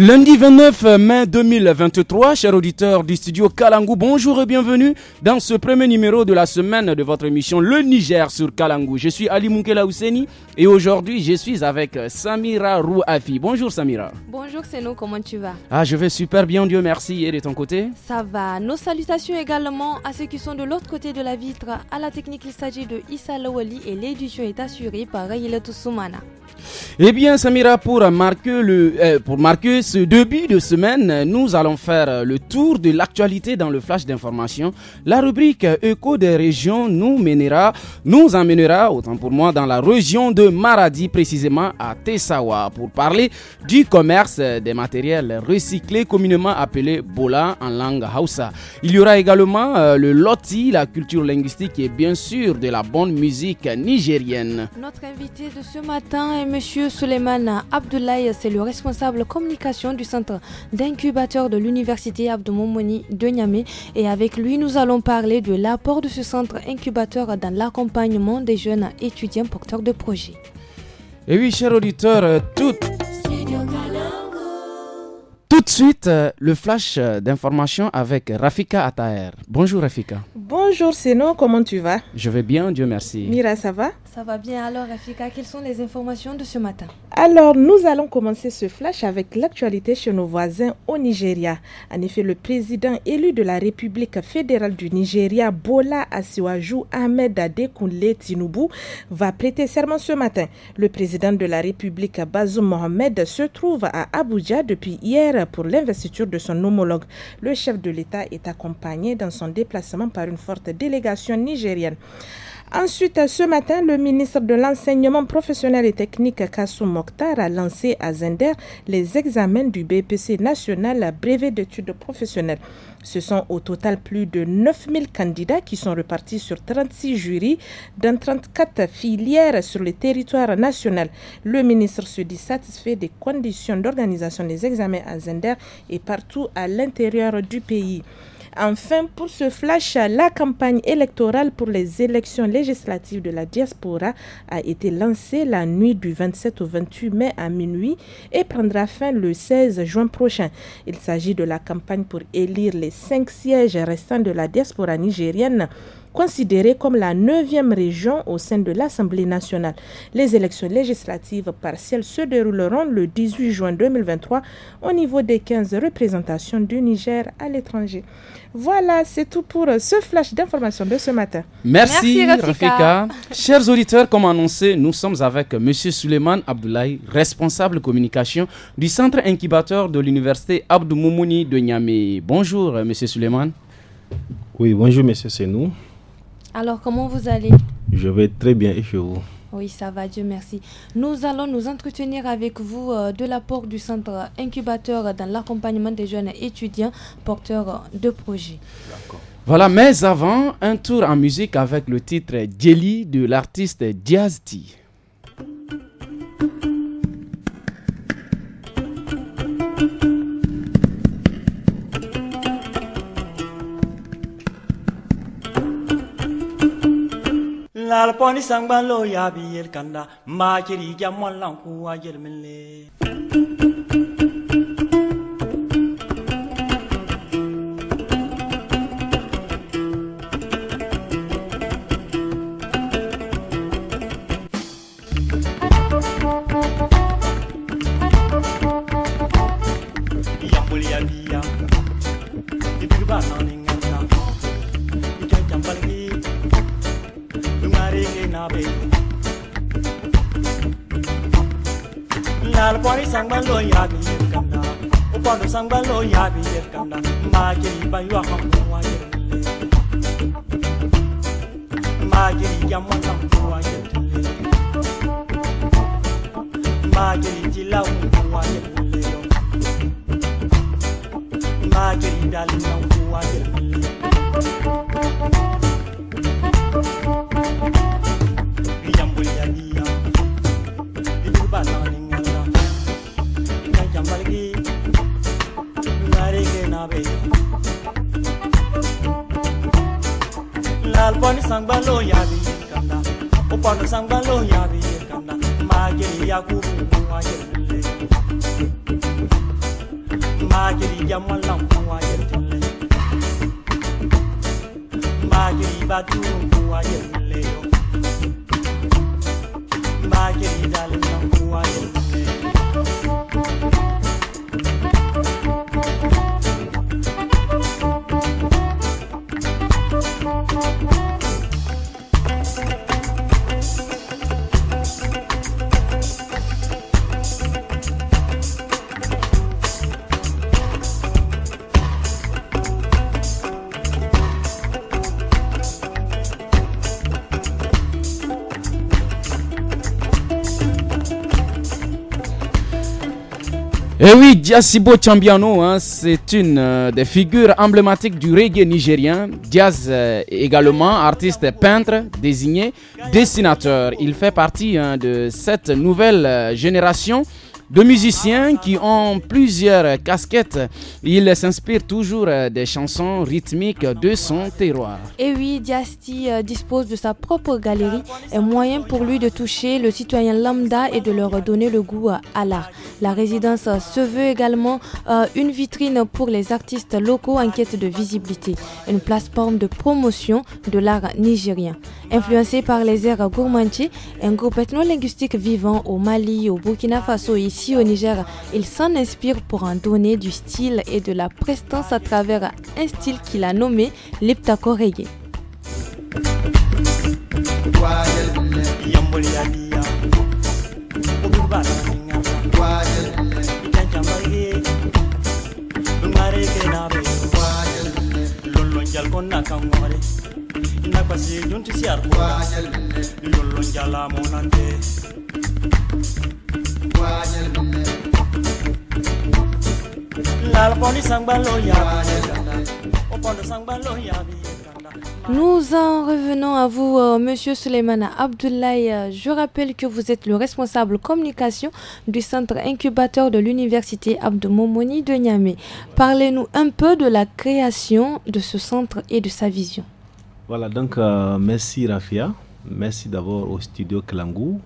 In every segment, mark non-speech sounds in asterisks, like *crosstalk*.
Lundi 29 euh, mai 2023, chers auditeurs du studio Kalangu, bonjour et bienvenue dans ce premier numéro de la semaine de votre émission Le Niger sur Kalangu. Je suis Ali Moukela Ousseni et aujourd'hui je suis avec euh, Samira Rouafi. Bonjour Samira. Bonjour Seno, comment tu vas Ah, je vais super bien, Dieu merci. Et de ton côté Ça va. Nos salutations également à ceux qui sont de l'autre côté de la vitre. À la technique, il s'agit de Issa Lawali et l'édition est assurée par Rayla Soumana. Eh bien Samira, pour marquer le, euh, pour ce début de semaine, nous allons faire le tour de l'actualité dans le flash d'information. La rubrique Eco des régions nous mènera, nous emmènera, autant pour moi, dans la région de Maradi, précisément à Tessawa, pour parler du commerce des matériels recyclés, communément appelés Bola en langue Hausa. Il y aura également euh, le loti, la culture linguistique et bien sûr de la bonne musique nigérienne. Notre invité de ce matin est M. Suleyman Abdoulaye, c'est le responsable communication du centre d'incubateur de l'université Abdoumouni de Niamey. Et avec lui, nous allons parler de l'apport de ce centre incubateur dans l'accompagnement des jeunes étudiants porteurs de projets. Et oui, chers auditeurs, euh, toutes. Tout de suite, euh, le flash euh, d'information avec Rafika Ataer. Bonjour Rafika. Bonjour Seno, comment tu vas Je vais bien, Dieu merci. Mira, ça va Ça va bien. Alors Rafika, quelles sont les informations de ce matin Alors, nous allons commencer ce flash avec l'actualité chez nos voisins au Nigeria. En effet, le président élu de la République fédérale du Nigeria, Bola Asiwaju Ahmed Adekunle Tinubu, va prêter serment ce matin. Le président de la République, Bazoum Mohamed, se trouve à Abuja depuis hier pour l'investiture de son homologue. Le chef de l'État est accompagné dans son déplacement par une forte délégation nigérienne. Ensuite, ce matin, le ministre de l'Enseignement professionnel et technique, Kassou Mokhtar, a lancé à Zender les examens du BPC national, brevet d'études professionnelles. Ce sont au total plus de 9000 candidats qui sont repartis sur 36 jurys dans 34 filières sur le territoire national. Le ministre se dit satisfait des conditions d'organisation des examens à Zender et partout à l'intérieur du pays. Enfin, pour ce flash, la campagne électorale pour les élections législatives de la diaspora a été lancée la nuit du 27 au 28 mai à minuit et prendra fin le 16 juin prochain. Il s'agit de la campagne pour élire les cinq sièges restants de la diaspora nigérienne considérée comme la neuvième région au sein de l'Assemblée nationale. Les élections législatives partielles se dérouleront le 18 juin 2023 au niveau des 15 représentations du Niger à l'étranger. Voilà, c'est tout pour euh, ce flash d'information de ce matin. Merci, Rafika. Chers auditeurs, comme annoncé, nous sommes avec M. Suleiman Abdoulaye, responsable communication du centre incubateur de l'université Abdou Moumouni de Niamey. Bonjour, euh, M. Suleiman. Oui, bonjour, c'est nous. Alors, comment vous allez Je vais très bien et chez vous oui, ça va, Dieu merci. Nous allons nous entretenir avec vous euh, de l'apport du centre incubateur dans l'accompagnement des jeunes étudiants porteurs de projets. Voilà, mais avant, un tour en musique avec le titre Jelly de l'artiste Diazdi. Alponi poni sangban lo ya bi el kanda ma kiri ya mwan lan ku yel min le sang balo ya bi yer kam na ma gi ba yu Et eh oui, Diasibo Chambiano, hein, c'est une euh, des figures emblématiques du reggae nigérien. Diaz euh, également artiste peintre, désigné dessinateur. Il fait partie hein, de cette nouvelle euh, génération de musiciens qui ont plusieurs casquettes. il s'inspire toujours des chansons rythmiques de son terroir. Et oui, Diasti euh, dispose de sa propre galerie, un moyen pour lui de toucher le citoyen lambda et de leur donner le goût euh, à l'art. La résidence euh, se veut également une vitrine pour les artistes locaux en quête de visibilité, une plateforme de promotion de l'art nigérien. Influencé par les airs gourmandiers, un groupe ethno-linguistique vivant au Mali, au Burkina Faso ici Ici au Niger, il s'en inspire pour en donner du style et de la prestance à travers un style qu'il a nommé l'Eptako nous en revenons à vous, euh, Monsieur Suleymana Abdoulaye. Euh, je rappelle que vous êtes le responsable communication du centre incubateur de l'université Abdou Momoni de Niamey. Parlez-nous un peu de la création de ce centre et de sa vision. Voilà, donc euh, merci Rafia. Merci d'abord au studio Klangou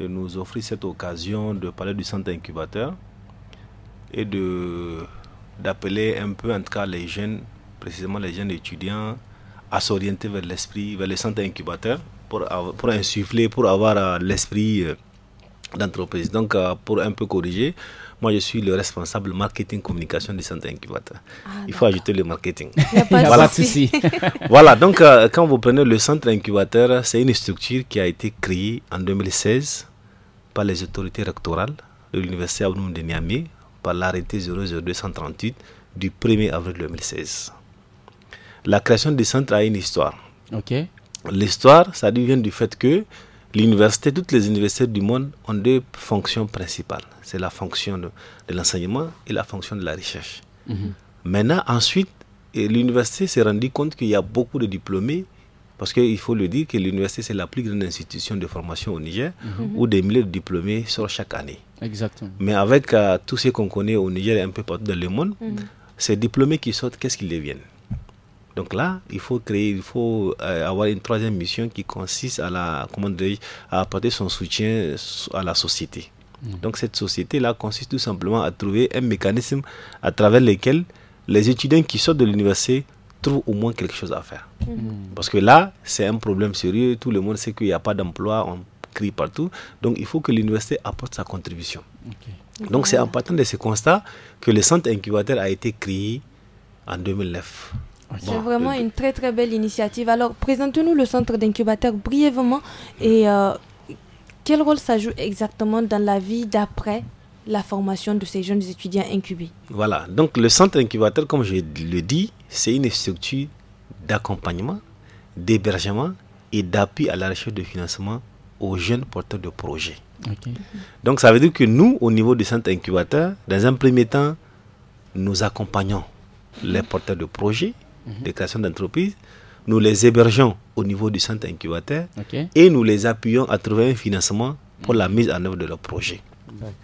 de nous offrir cette occasion de parler du centre incubateur et de d'appeler un peu en tout cas les jeunes, précisément les jeunes étudiants, à s'orienter vers l'esprit, vers le centre incubateur pour, pour insuffler, pour avoir euh, l'esprit euh, d'entreprise. Donc euh, pour un peu corriger, moi je suis le responsable marketing communication du centre incubateur. Ah, Il faut ajouter le marketing. voilà. *laughs* voilà, donc quand vous prenez le centre incubateur, c'est une structure qui a été créée en 2016 par les autorités rectorales de l'Université Abdoum de Niamey par l'arrêté 00238 du 1er avril 2016. La création du centre a une histoire. Ok. L'histoire, ça vient du fait que l'université, toutes les universités du monde ont deux fonctions principales. C'est la fonction de, l'enseignement et la fonction de la recherche. Mhm. Maintenant, ensuite, l'université s'est rendue compte qu'il y a beaucoup de diplômés parce qu'il faut le dire que l'université, c'est la plus grande institution de formation au Niger, mhm. Mhm. où des milliers de diplômés sortent chaque année. Exactement. Mais avec tous euh, tout ce qu'on connaît au Niger et un peu partout dans le monde, mhm. ces diplômés qui sortent, qu'est-ce qu'ils deviennent donc là, il faut créer, il faut euh, avoir une troisième mission qui consiste à la, comment à apporter son soutien à la société. Donc cette société-là consiste tout simplement à trouver un mécanisme à travers lequel les étudiants qui sortent de l'université trouve au moins quelque chose à faire. Mm. Parce que là, c'est un problème sérieux. Tout le monde sait qu'il n'y a pas d'emploi, on crie partout. Donc, il faut que l'université apporte sa contribution. Donc, c'est en partant de ce constat que le centre incubateur a été créé en 2009. C'est vraiment une très très belle initiative. Alors, présente-nous le centre d'incubateur brièvement et euh, quel rôle ça joue exactement dans la vie d'après la formation de ces jeunes étudiants incubés Voilà, donc le centre incubateur, comme je le dis, c'est une structure d'accompagnement, d'hébergement et d'appui à la recherche de financement aux jeunes porteurs de projets. Donc ça veut dire que nous, au niveau du centre incubateur, dans un premier temps, nous accompagnons les porteurs de projets, mhm. des créations création d'entreprises, nous les hébergeons au niveau du centre incubateur et nous les appuyons à trouver un financement pour la mhm. mise en œuvre de leur projet.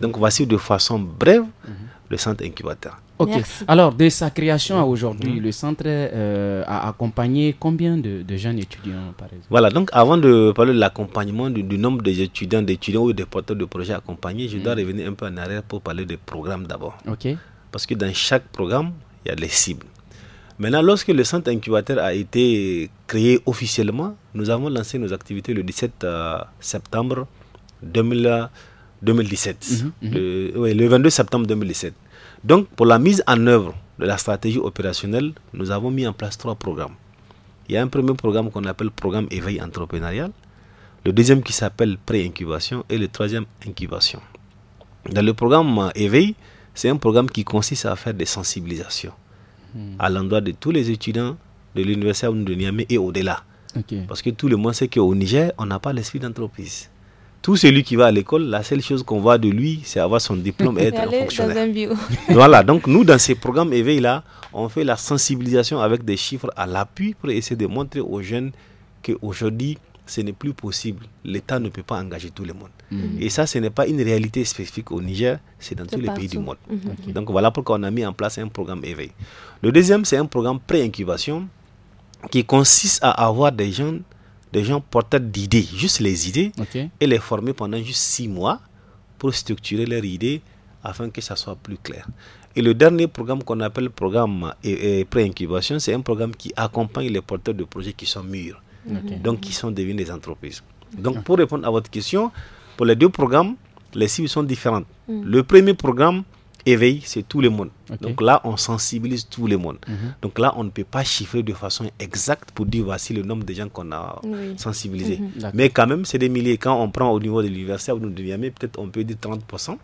Donc voici de façon brève mhm. le centre incubateur. Ok. Alors, de sa création à aujourd'hui, le centre euh, a accompagné combien de, jeunes étudiants, par exemple Voilà, donc avant de parler de l'accompagnement du, nombre d'étudiants, d'étudiants ou des porteurs de projets accompagnés, je dois mm. revenir un peu en arrière pour parler des programmes d'abord. Ok. Parce que dans chaque programme, il y a des cibles. Maintenant, lorsque le centre incubateur a été créé officiellement, nous avons lancé nos activités le 17 euh, septembre 2017. Euh, mmh, mm-hmm. le 22 septembre 2017. Donc, pour la mise en œuvre de la stratégie opérationnelle, nous avons mis en place trois programmes. Il y a un premier programme qu'on appelle programme éveil entrepreneurial, le deuxième qui s'appelle pré-incubation et le troisième incubation. Dans le programme éveil, c'est un programme qui consiste à faire des sensibilisations hmm. à l'endroit de tous les étudiants de l'université de Niamey et au-delà. Parce que tout le monde sait qu'au Niger, on n'a pas l'esprit d'entreprise. Tout celui qui va à l'école, la seule chose qu'on voit de lui, c'est avoir son diplôme *laughs* et être un fonctionnaire. *laughs* voilà, donc nous, dans ces programmes éveil-là, on fait la sensibilisation avec des chiffres à l'appui pour essayer de montrer aux jeunes qu'aujourd'hui, ce n'est plus possible. L'État ne peut pas engager tout le monde. Mhm. Et ça, ce n'est pas une réalité spécifique au Niger, c'est dans tous les pays du monde. Mhm. Donc voilà pourquoi on a mis en place un programme éveil. Le deuxième, c'est un programme pré-incubation qui consiste à avoir des jeunes des gens porteurs d'idées, juste les idées, et les former pendant juste six mois pour structurer leurs idées afin que ça soit plus clair. Et le dernier programme qu'on appelle programme pré-incubation, c'est un programme qui accompagne les porteurs de projets qui sont mûrs, donc qui sont devenus des entreprises. Donc ah. pour répondre à votre question, pour les deux programmes, les cibles sont différentes. Mm. Le premier programme, Éveille, c'est tout le monde. Donc là, on sensibilise tout le monde. Mhm. Donc là, on ne peut pas chiffrer de façon exacte pour dire voici le nombre de gens qu'on a sensibilisés. Mhm. Mais quand même, c'est des milliers. Quand on prend au niveau de l'université nous nous peut-être on peut dire 30%.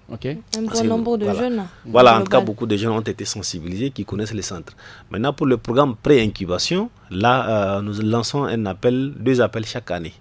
Un nombre de voilà. jeunes. Voilà, en tout cas, beaucoup de jeunes ont été sensibilisés qui connaissent les centres. Maintenant, pour le programme pré-incubation, là, euh, nous lançons un appel, deux appels chaque année.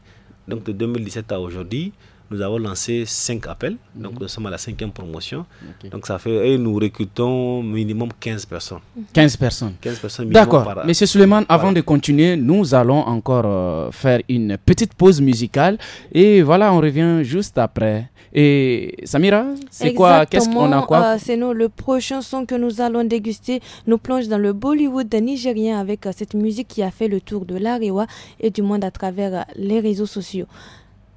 Donc de 2017 à aujourd'hui, nous avons lancé cinq appels. Mhm. Donc, nous sommes à la cinquième promotion. Donc, ça fait, et nous recrutons minimum 15 personnes. 15 personnes. 15 personnes D'accord. Monsieur Suleiman, avant de continuer, nous allons encore euh, faire une petite pause musicale. Et voilà, on revient juste après. Et Samira, c'est quoi Qu'est-ce qu'on a quoi euh, C'est nous, le prochain son que nous allons déguster nous plonge dans le Bollywood nigérien avec euh, cette musique qui a fait le tour de l'Ariwa et du monde à travers les réseaux sociaux.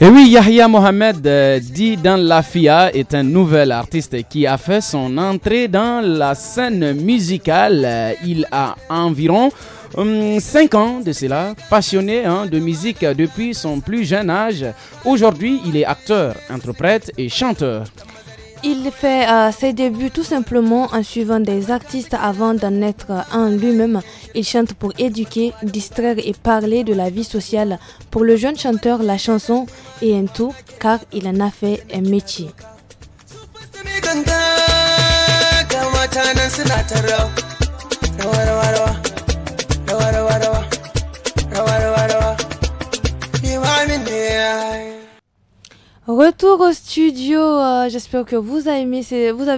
Et oui, Yahya Mohamed, euh, dit dans La Fia, est un nouvel artiste qui a fait son entrée dans la scène musicale. Euh, il a environ 5 hum, cinq ans de cela, passionné hein, de musique depuis son plus jeune âge, aujourd'hui il est acteur, interprète et chanteur. Il fait euh, ses débuts tout simplement en suivant des artistes avant d'en être un lui-même. Il chante pour éduquer, distraire et parler de la vie sociale. Pour le jeune chanteur, la chanson est un tout car il en a fait un métier. Retour au studio, euh, j'espère que vous avez,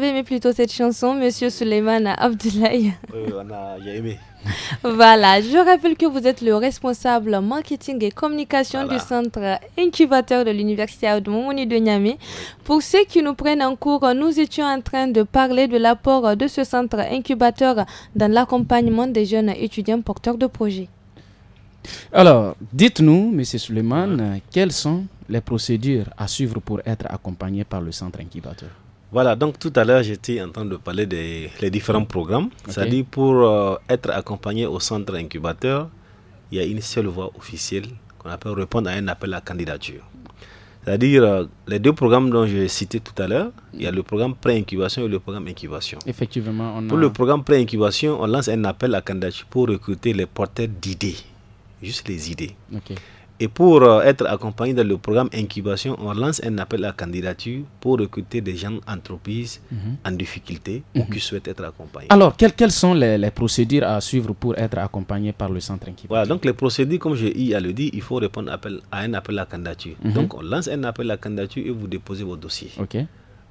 aimé plutôt cette chanson, Monsieur Suleiman Abdoulaye. Oui, on a, aimé. *laughs* voilà, je rappelle que vous êtes le responsable marketing et communication du centre incubateur de l'université Audoumouni de Niamey. Pour ceux qui nous prennent en cours, nous étions en train de parler de l'apport de ce centre incubateur dans l'accompagnement des jeunes étudiants porteurs de projets. Alors, dites-nous, M. Suleiman, quelles sont les procédures à suivre pour être accompagné par le centre incubateur voilà, donc tout à l'heure, j'étais en train de parler des différents programmes. C'est-à-dire, pour euh, être accompagné au centre incubateur, il y a une seule voie officielle qu'on appelle répondre à un appel à candidature. C'est-à-dire, euh, les deux programmes dont j'ai cité tout à l'heure, il y a le programme pré-incubation et le programme incubation. Effectivement, on Pour le programme pré-incubation, on lance un appel à candidature pour recruter les porteurs d'idées juste les idées. Et pour euh, être accompagné dans le programme incubation, on lance un appel à candidature pour recruter des gens entreprises mhm. en difficulté ou mhm. qui souhaitent être accompagnés. Alors, quelles, sont les, procédures à suivre pour être accompagné par le centre incubation Voilà, donc les procédures, comme je à le il faut répondre à un appel à candidature. Mhm. Donc, on lance un appel à candidature et vous déposez vos dossiers.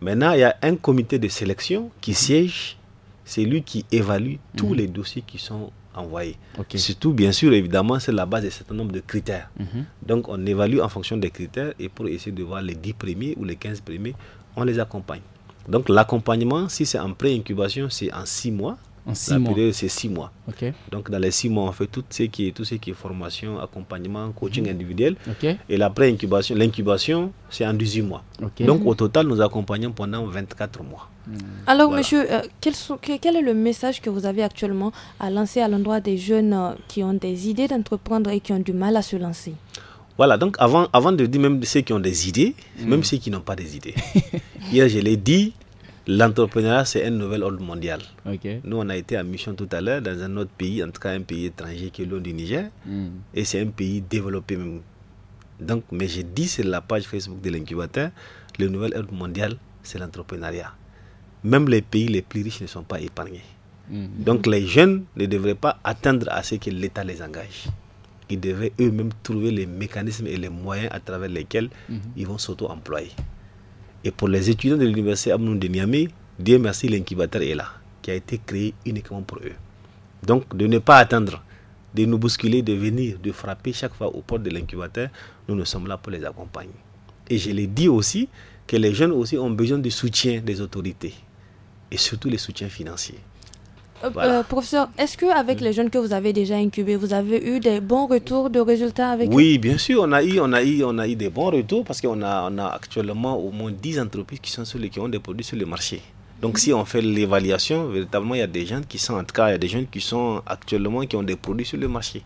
Maintenant, il y a un comité de sélection qui siège. C'est lui qui évalue tous les dossiers qui sont envoyé. Surtout, bien sûr, évidemment, c'est la base de certain nombre de critères. Mhm. Donc, on évalue en fonction des critères et pour essayer de voir les 10 premiers ou les 15 premiers, on les accompagne. Donc, l'accompagnement, si c'est en pré-incubation, c'est en 6 mois. En six mois. c'est 6 mois. Donc, dans les 6 mois, on fait tout ce qui est, tout ce qui est formation, accompagnement, coaching mhm. individuel. Et la pré-incubation, l'incubation, c'est en 18 mois. Donc, au total, nous accompagnons pendant 24 mois. Hmm. Alors, monsieur, euh, quel, est le message que vous avez actuellement à lancer à l'endroit des jeunes euh, qui ont des idées d'entreprendre et qui ont du mal à se lancer Voilà, donc avant, avant de dire même ceux qui ont des idées, hmm. même ceux qui n'ont pas des idées. *laughs* Hier, je l'ai dit, l'entrepreneuriat, c'est un nouvel ordre mondial. Nous, on a été en mission tout à l'heure dans un autre pays, en tout cas un pays étranger qui est loin du Niger, hmm. et c'est un pays développé même. Donc, mais j'ai dit sur la page Facebook de l'incubateur, le nouvel ordre mondial, c'est l'entrepreneuriat même les pays les plus riches ne sont pas épargnés. Mhm. Donc les jeunes ne devraient pas attendre à ce que l'État les engage. Ils devraient eux-mêmes trouver les mécanismes et les moyens à travers lesquels mhm. ils vont s'auto-employer. Et pour les étudiants de l'université Amnoun de Niamey, Dieu merci, l'incubateur est là, qui a été créé uniquement pour eux. Donc de ne pas attendre de nous bousculer, de venir, de frapper chaque fois aux portes de l'incubateur, nous nous sommes là pour les accompagner. Et je l'ai dit aussi que les jeunes aussi ont besoin du soutien des autorités et surtout les soutiens financiers. Euh, euh, professeur, est-ce que les jeunes que vous avez déjà incubés, vous avez eu des bons retours de résultats avec Oui, bien sûr, on a eu, on a on a eu des bons retours parce qu'on a, on a actuellement au moins 10 entreprises qui sont sur qui ont des produits sur le marché. Donc mhm. si on fait l'évaluation, véritablement il y a des jeunes qui sont en tout cas, il y a des jeunes qui sont actuellement qui ont des produits sur le marché.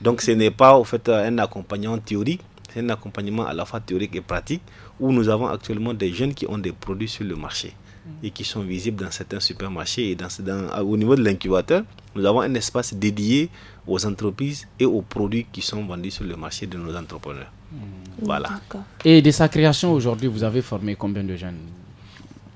Donc ce n'est pas fait un accompagnement théorique, c'est un accompagnement à la fois théorique et pratique où nous avons actuellement des jeunes qui ont des produits sur le marché et qui sont visibles dans certains supermarchés. Et dans, au niveau de l'incubateur, nous avons un espace dédié aux entreprises et aux produits qui sont vendus sur le marché de nos entrepreneurs. Hmm. Voilà. Et de sa création aujourd'hui, vous avez formé combien de jeunes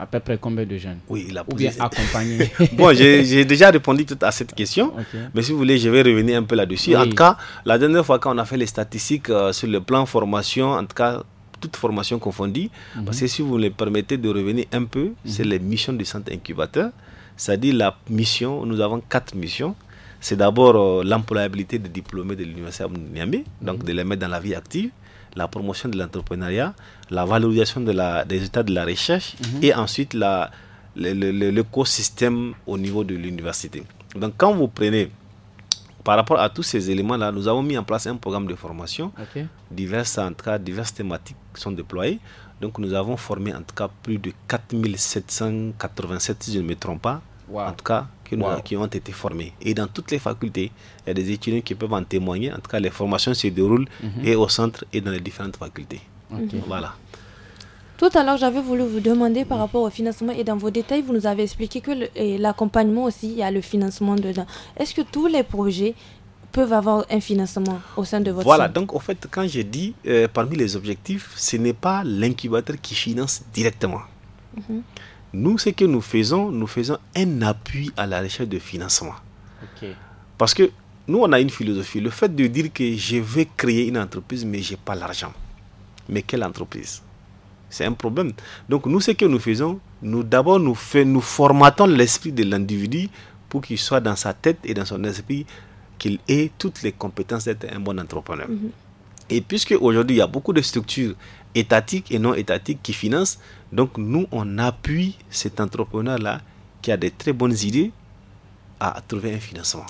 à peu près combien de jeunes Oui, il a Ou bien accompagné *laughs* Bon, j'ai déjà répondu tout à cette question, *laughs* mais si vous voulez, je vais revenir un peu là-dessus. En tout cas, la dernière fois qu'on a fait les statistiques euh, sur le plan formation, en tout cas, toute formation confondue. Mhm. Parce que si vous me permettez de revenir un peu, c'est mhm. les missions du centre incubateur. C'est-à-dire la mission, nous avons quatre missions. C'est d'abord euh, l'employabilité des diplômés de l'Université de Niamey, donc mhm. de les mettre dans la vie active, la promotion de l'entrepreneuriat, la valorisation de la, des états de la recherche et ensuite l'écosystème au niveau de l'université. Donc quand vous prenez par rapport à tous ces éléments-là, nous avons mis en place un programme de formation. Diverses, diverses thématiques sont déployées. Donc, nous avons formé, en tout cas, plus de 4787, si je ne me trompe pas, en tout cas, qui, ont été formés. Et dans toutes les facultés, il y a des étudiants qui peuvent en témoigner. En tout cas, les formations se déroulent mhm. et au centre et dans les différentes facultés. Voilà. Tout à l'heure, j'avais voulu vous demander par rapport au financement et dans vos détails, vous nous avez expliqué que l'accompagnement aussi, il y a le financement dedans. Est-ce que tous les projets peuvent avoir un financement au sein de votre Voilà, donc au fait, quand j'ai dit euh, parmi les objectifs, ce n'est pas l'incubateur qui finance directement. Mhm. Nous, ce que nous faisons, nous faisons un appui à la recherche de financement. Parce que nous, on a une philosophie. Le fait de dire que je vais créer une entreprise, mais je n'ai pas l'argent. Mais quelle entreprise c'est un problème. Donc nous, ce que nous faisons, nous d'abord nous, nous formatons l'esprit de l'individu pour qu'il soit dans sa tête et dans son esprit qu'il ait toutes les compétences d'être un bon entrepreneur. Mhm. Et puisque aujourd'hui il y a beaucoup de structures étatiques et non étatiques qui financent, donc nous on appuie cet entrepreneur là qui a des très bonnes idées à trouver un financement.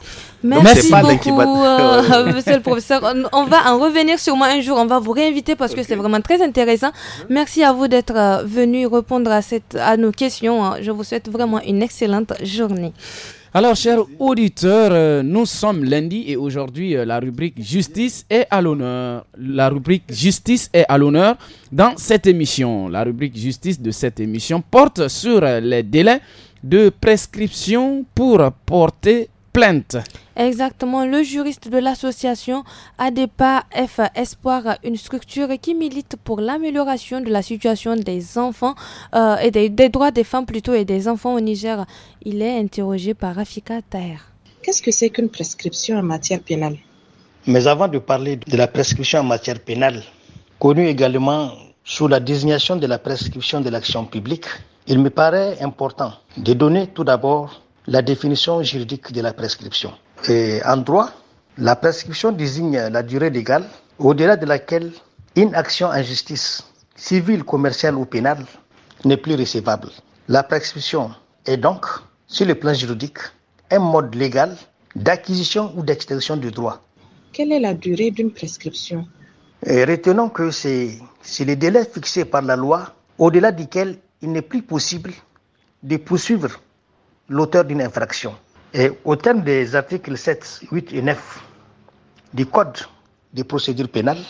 Merci beaucoup, euh, *laughs* *laughs* monsieur le professeur. On, va en revenir sûrement un jour. On va vous réinviter parce que c'est vraiment très intéressant. Merci à vous d'être euh, venu répondre à, cette, à nos questions. Hein. Je vous souhaite vraiment une excellente journée. Alors, chers auditeurs, euh, nous sommes lundi et aujourd'hui, la rubrique justice est à l'honneur. La rubrique justice est à l'honneur dans cette émission. La rubrique justice de cette émission porte sur les délais de prescription pour porter plainte. Exactement, le juriste de l'association ADEPA F Espoir, une structure qui milite pour l'amélioration de la situation des enfants euh, et des, droits des femmes plutôt et des enfants au Niger. Il est interrogé par Rafika Taher. Qu'est-ce que c'est qu'une prescription en matière pénale Mais avant de parler de la prescription en matière pénale, connue également sous la désignation de la prescription de l'action publique, il me paraît important de donner tout d'abord la définition juridique de la prescription. en droit, la prescription désigne la durée légale au-delà de laquelle une action en justice, civile, commerciale ou pénale, n'est plus recevable. La prescription est donc, sur le plan juridique, un mode légal d'acquisition ou d'extension du droit. Quelle est la durée d'une prescription Retenons que c'est le délai fixé par la loi au-delà duquel il n'est plus possible de poursuivre l'auteur d'une infraction. Et au terme des articles 7, 8 et 9 du Code des procédures pénales,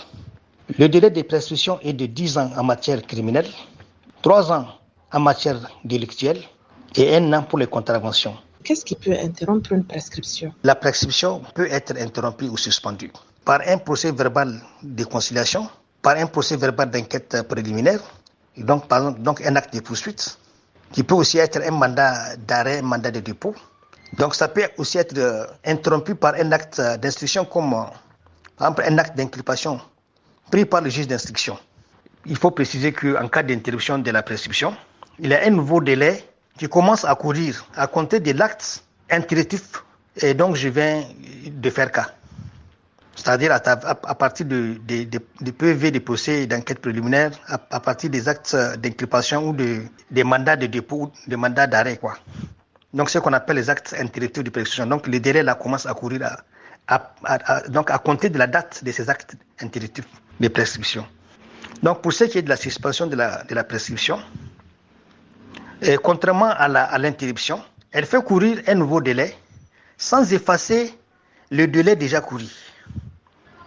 le délai de prescription est de 10 ans en matière criminelle, 3 ans en matière délictuelle et 1 an pour les contraventions. Qu'est-ce qui peut interrompre une prescription La prescription peut être interrompue ou suspendue par un procès verbal de conciliation, par un procès verbal d'enquête préliminaire, donc, donc un acte de poursuite, qui peut aussi être un mandat d'arrêt, un mandat de dépôt. Donc, ça peut aussi être euh, interrompu par un acte d'instruction comme, euh, par exemple, un acte d'inculpation pris par le juge d'instruction. Il faut préciser qu'en cas d'interruption de la prescription, il y a un nouveau délai qui commence à courir à compter de l'acte intuitif et donc je viens de faire cas c'est-à-dire à, partir du de, de, PV des procès et d'enquête préliminaire, à, partir des actes euh, d'inculpation ou des mandats de dépôt ou des mandats d'arrêt. quoi. Donc ce qu'on appelle les actes interruptifs de prescription. Donc le délai commence à courir à, donc à compter de la date de ces actes interruptifs de prescription. Donc pour ce qui est de la suspension de la, prescription, contrairement à l'interruption, elle fait courir un nouveau délai sans effacer le délai déjà couru.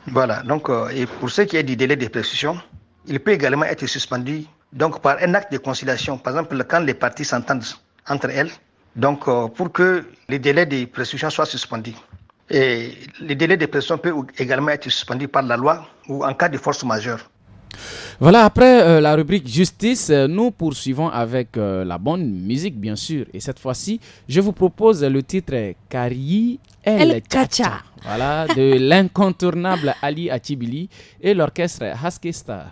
Voilà, donc, euh, et pour ce qui est du délai de prescription, il peut également être suspendu donc, par un acte de conciliation. Par exemple, quand les parties s'entendent entre elles, donc, euh, pour que le délai de prescription soit suspendu. Et le délai de prescription peut également être suspendu par la loi ou en cas de force majeure. Voilà, après euh, la rubrique justice, euh, nous poursuivons avec euh, la bonne musique, bien sûr. Et cette fois-ci, je vous propose le titre Kari El, Kacha. Voilà, de l'incontournable Ali Atibili et l'orchestre Haskesta.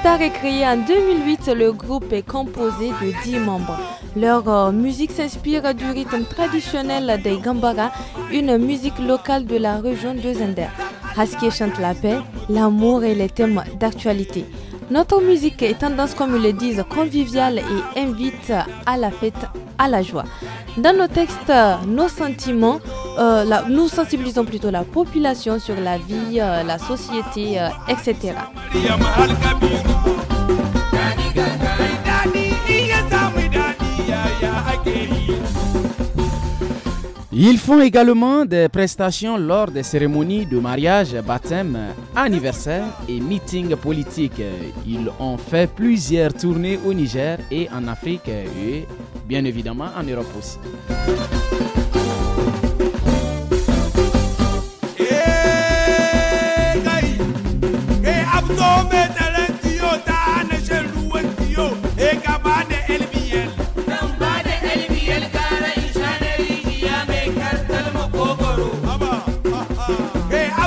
Star est créé en 2008. Le groupe est composé de 10 membres. Leur euh, musique s'inspire du rythme traditionnel des Gambara, une musique locale de la région de Zender. Haske chante la paix, l'amour et les thèmes d'actualité. Notre musique est tendance, comme ils le disent, conviviale et invite à la fête, à la joie. Dans nos textes, euh, nos sentiments, euh, nous sensibilisons plutôt la population sur la vie, euh, la société, euh, etc. Ils font également des prestations lors des cérémonies de mariage, baptême, anniversaire et meeting politique. Ils ont fait plusieurs tournées au Niger et en Afrique et bien évidemment en Europe aussi.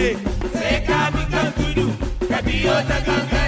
Say, ka bi kan tudu ka biyo ta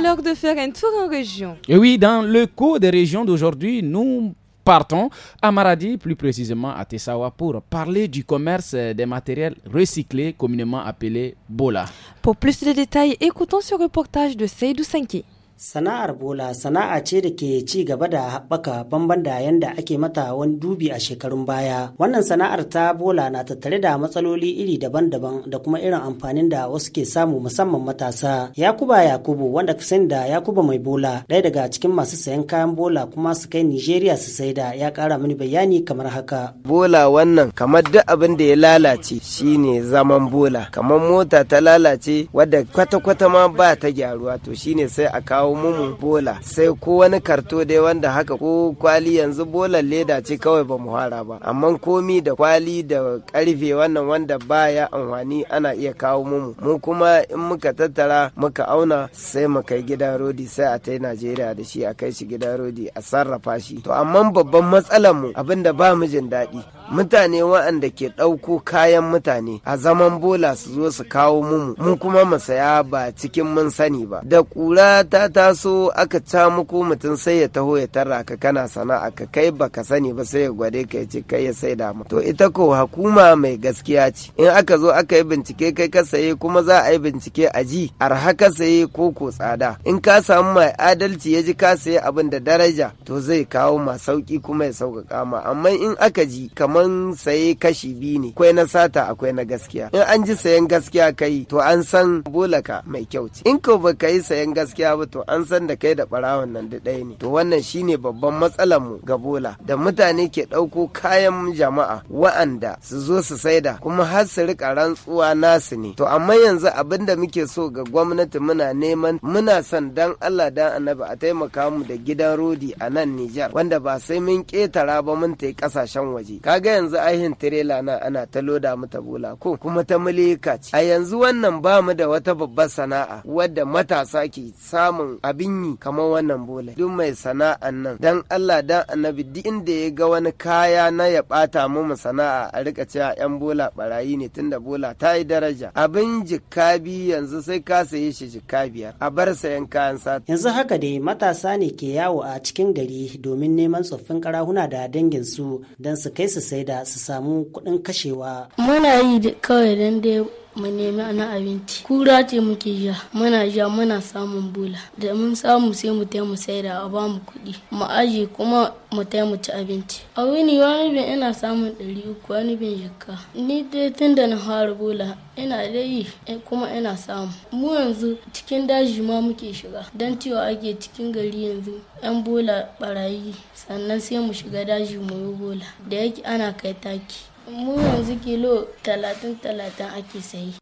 l'heure de faire un tour en région. Et oui, dans le cours des régions d'aujourd'hui, nous partons à Maradi, plus précisément à Tessawa, pour parler du commerce des matériels recyclés, communément appelé Bola. Pour plus de détails, écoutons ce reportage de Seydou Sanké. Sana'ar bola sana'a ce da ke ci gaba da haɓaka bamban da yanda ake mata wani dubi a shekarun baya. Wannan sana'ar ta bola na tattare da matsaloli iri daban-daban da kuma irin amfanin da wasu ke samu musamman matasa. Yakuba Yakubu wanda ka da Yakuba mai bola ɗaya daga cikin masu sayan kayan bola kuma su kai Nijeriya su sai da ya ƙara mini bayani kamar haka. Bola wannan kamar duk abin da ya lalace shine zaman bola kamar mota ta lalace wadda kwata-kwata ma ba ta gyaruwa to shine sai a kawo kawo mumu bola sai ko wani karto dai wanda haka ko kwali yanzu bolan leda ce kawai ba mu fara ba amma komi da kwali da karfe wannan wanda baya amfani ana iya kawo mumu mu kuma in muka tattara muka auna sai mu kai gida rodi sai a tai Najeriya da shi a kai shi gida rodi a sarrafa shi to amma babban matsalar mu abinda ba mu jin daɗi mutane waɗanda ke ɗauko kayan mutane a zaman bola su zo su kawo mumu mun kuma mu saya ba cikin mun sani ba da ƙura ta taso aka ca muku mutum sai ya taho ya tara ka kana sana'a ka kai ba ka sani ba sai ya gwade ka ya ce kai ya saida mu to ita ko hukuma mai gaskiya ce in aka zo aka yi bincike kai ka saye kuma za a yi bincike a ji arha ka saye ko ko tsada in ka samu mai adalci ya ji ka saye abin da daraja to zai kawo ma sauki kuma ya sauƙaƙa ma amma in aka ji kamar kaman saye kashi biyu ne akwai na sata akwai na gaskiya in an ji sayan gaskiya kai to an san bolaka mai kyau ce in ko baka yi sayan gaskiya ba to an san da kai da barawon nan da ɗaya ne to wannan shine babban matsalar mu ga bola da mutane ke ɗauko kayan jama'a wa'anda su zo su saida kuma har su rika rantsuwa nasu ne to amma yanzu abin da muke so ga gwamnati muna neman muna son dan Allah dan annabi a taimaka mu da gidan rodi a nan Nijar wanda ba sai mun ƙetara ba mun tai ƙasashen waje kaga ga yanzu aihin tirela na ana ta loda mu bola ko kuma ta milika ce a yanzu wannan ba mu da wata babbar sana'a wadda matasa ke samun abin yi kamar wannan bola duk mai sana'a nan dan Allah dan annabi duk inda ya ga wani kaya na ya bata mu sana'a a rika cewa yan bola barayi ne tunda bola ta yi daraja abin jikka yanzu sai ka saye shi jikka biyar a bar sayan kayan sata yanzu haka dai matasa ne ke yawo a cikin gari domin neman tsoffin karahuna da dangin su don su kai su sayi da su samu kudin kashewa muna yi kawai don dai mu nemi ana abinci kura ce muke ja muna ja muna samun bola. da mun samu sai mu taimu sai da a ba mu kuɗi mu aje kuma mu taimu ci abinci a wani wani bin ina samun ɗari uku wani bin jikka ni dai tun da na fara bula ina dai eh, kuma ina samu mu yanzu cikin daji ma muke shiga don cewa ake cikin gari yanzu yan bola barayi sannan sai mu shiga daji mu yi bola da yake ana kai taki mu yanzu kilo talatin talatin ake sayi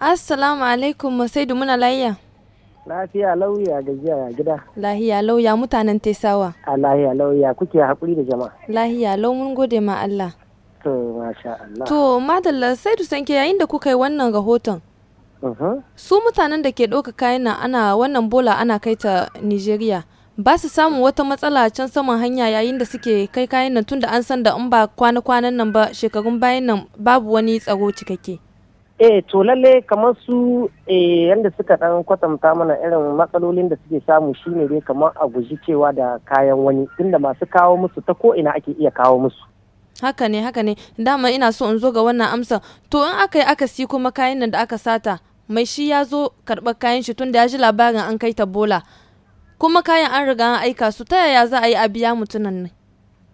assalamu alaikum masaidu muna layya lafiya lauya gajiya ya gida lahiya lauya mutanen tesawa a lahiya lauya kuke haƙuri da jama'a lahiya lau mun gode ma Allah to masha Allah to madalla sai sanke yayin da kuka yi wannan rahoton uh-huh. su mutanen da ke ɗauka kayan ana wannan bola ana kaita ta Nigeria ba su samun wata matsala can saman hanya yayin da suke kai kayan nan tunda an san da in ba kwana-kwanan nan ba shekarun bayan nan babu wani tsaro cikakke. eh to lalle kamar su eh yanda suka dan kwatanta mana irin matsalolin da suke samu shine dai kamar a guji cewa da kayan wani tunda masu kawo musu ta ko ina ake iya kawo musu haka ne haka ne dama ina so in zo ga wannan amsa to in aka yi aka si kuma kayan nan da aka sata mai shi ya zo karɓar kayan shi tunda ya ji labarin an kai ta bola kuma kayan an riga an aika su ta yaya za a yi a biya mutunan nan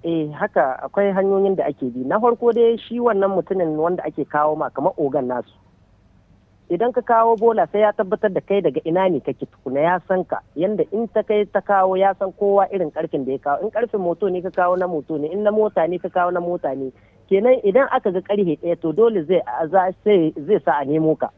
eh haka akwai hanyoyin da ake bi na farko dai shi wannan mutumin wanda ake kawo ma kamar ogan nasu idan ka kawo bola sai ya tabbatar da kai daga ina ne kake tukuna ya san ka yanda in ta kai ta kawo ya san kowa irin karfin da ya kawo in karfin moto ne ka kawo na moto ne in na mota ne ka kawo na mota ne kenan idan aka ga karhe ɗaya to dole zai sa a nemo ka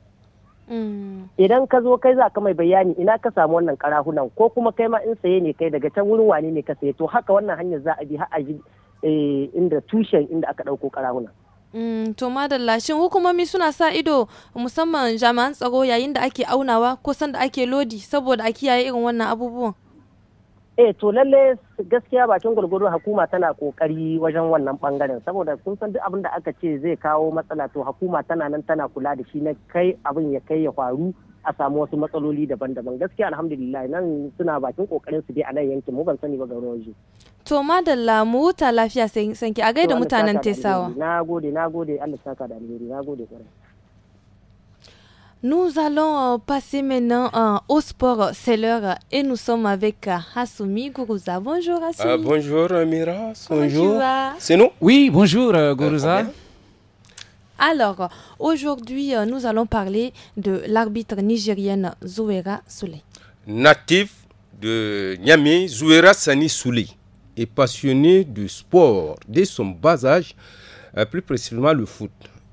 idan ka zo kai za ka mai bayani ina ka samu wannan karahunan ko kuma kai ma in saye ne kai daga can wurin wane ne ka saye to haka wannan hanyar za a bi har a ji eh, inda tushen inda aka ɗauko karahunan. Mm, to madalla shin hukumomi suna sa ido musamman jami'an tsaro yayin da ake aunawa ko sanda ake lodi saboda a kiyaye irin wannan abubuwan. eh to lalle gaskiya bakin gwargwado hukuma tana kokari wajen wannan bangaren saboda kun san duk abin da aka ce zai kawo matsala to hukuma tana nan tana kula da shi na kai abin ya kai ya faru a samu wasu matsaloli daban-daban gaskiya alhamdulillah nan suna bakin kokarin su dai a nan yankin mu ban sani ba garin waje to madalla mu ta lafiya sai sanki a gaida mutanen tesawa nagode nagode Allah saka da alheri nagode kwarai Nous allons euh, passer maintenant euh, au sport, c'est l'heure, euh, et nous sommes avec Hassoumi Gourouza. Bonjour ah, Hassoumi. bonjour Mira, bonjour. C'est nous Oui, bonjour Gourouza. Alors, aujourd'hui, nous allons parler de l'arbitre nigérienne Zouera Souley. Natif de Niamey, Zouera Sani Souley est passionnée du sport dès son bas âge, plus précisément le foot.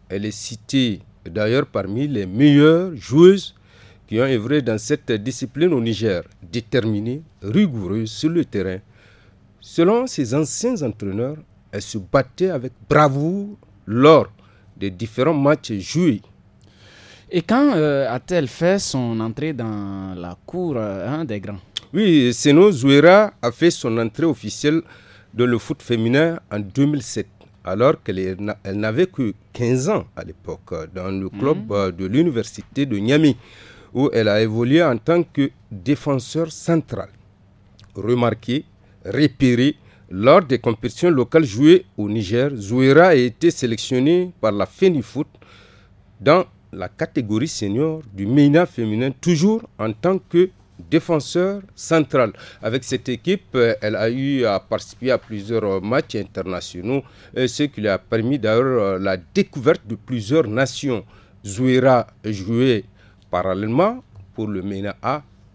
Elle est citée d'ailleurs parmi les meilleures joueuses qui ont œuvré dans cette discipline au Niger, déterminée, rigoureuse sur le terrain. Selon ses anciens entraîneurs, elle se battait avec bravoure lors des différents matchs joués et quand euh, a-t-elle fait son entrée dans la cour euh, des grands Oui, Seno Zouera a fait son entrée officielle dans le foot féminin en 2007 alors qu'elle n'avait que 15 ans à l'époque, euh, dans le club mm. euh, de l'université de Niamey, où elle a évolué en tant que défenseur central. remarquée, repérée lors des compétitions locales jouées au Niger, Zouira a été sélectionnée par la FENIFOOT dans la catégorie senior du MENA féminin, toujours en tant que défenseur central. Avec cette équipe, euh, elle a eu à participer à plusieurs euh, matchs internationaux, euh, ce qui lui a permis d'ailleurs la découverte de plusieurs nations. Zouira jouait parallèlement pour le MENA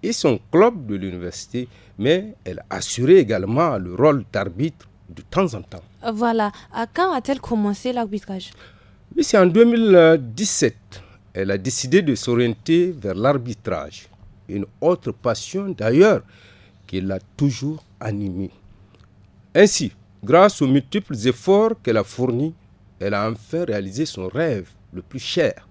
et son club de l'université, mais elle assurait également le rôle d'arbitre de temps en temps. Voilà. quand a-t-elle commencé l'arbitrage C'est en 2017. Elle a décidé de s'orienter vers l'arbitrage une autre passion d'ailleurs qui l'a toujours animée. Ainsi, grâce aux multiples efforts qu'elle a fournis, elle a enfin réalisé son rêve le plus cher.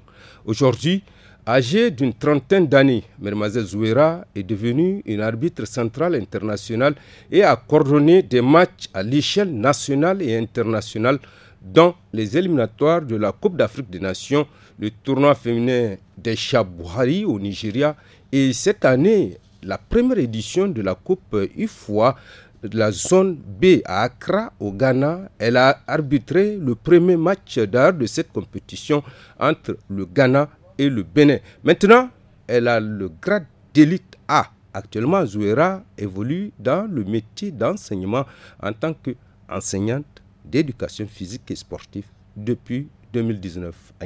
Aujourd'hui, âgée d'une trentaine d'années, Mlle Zouera est devenue une arbitre centrale internationale et a coordonné des matchs à l'échelle nationale et internationale dans les éliminatoires de la Coupe d'Afrique des Nations, le tournoi féminin des Chabouhari au Nigeria et cette année, la première édition de la Coupe UFOA de la zone B à Accra, au Ghana, elle a arbitré le premier match d'art de cette compétition entre le Ghana et le Bénin. Maintenant, elle a le grade d'élite A. Actuellement, Zouera évolue dans le métier d'enseignement en tant qu'enseignante d'éducation physique et sportive depuis 2019 à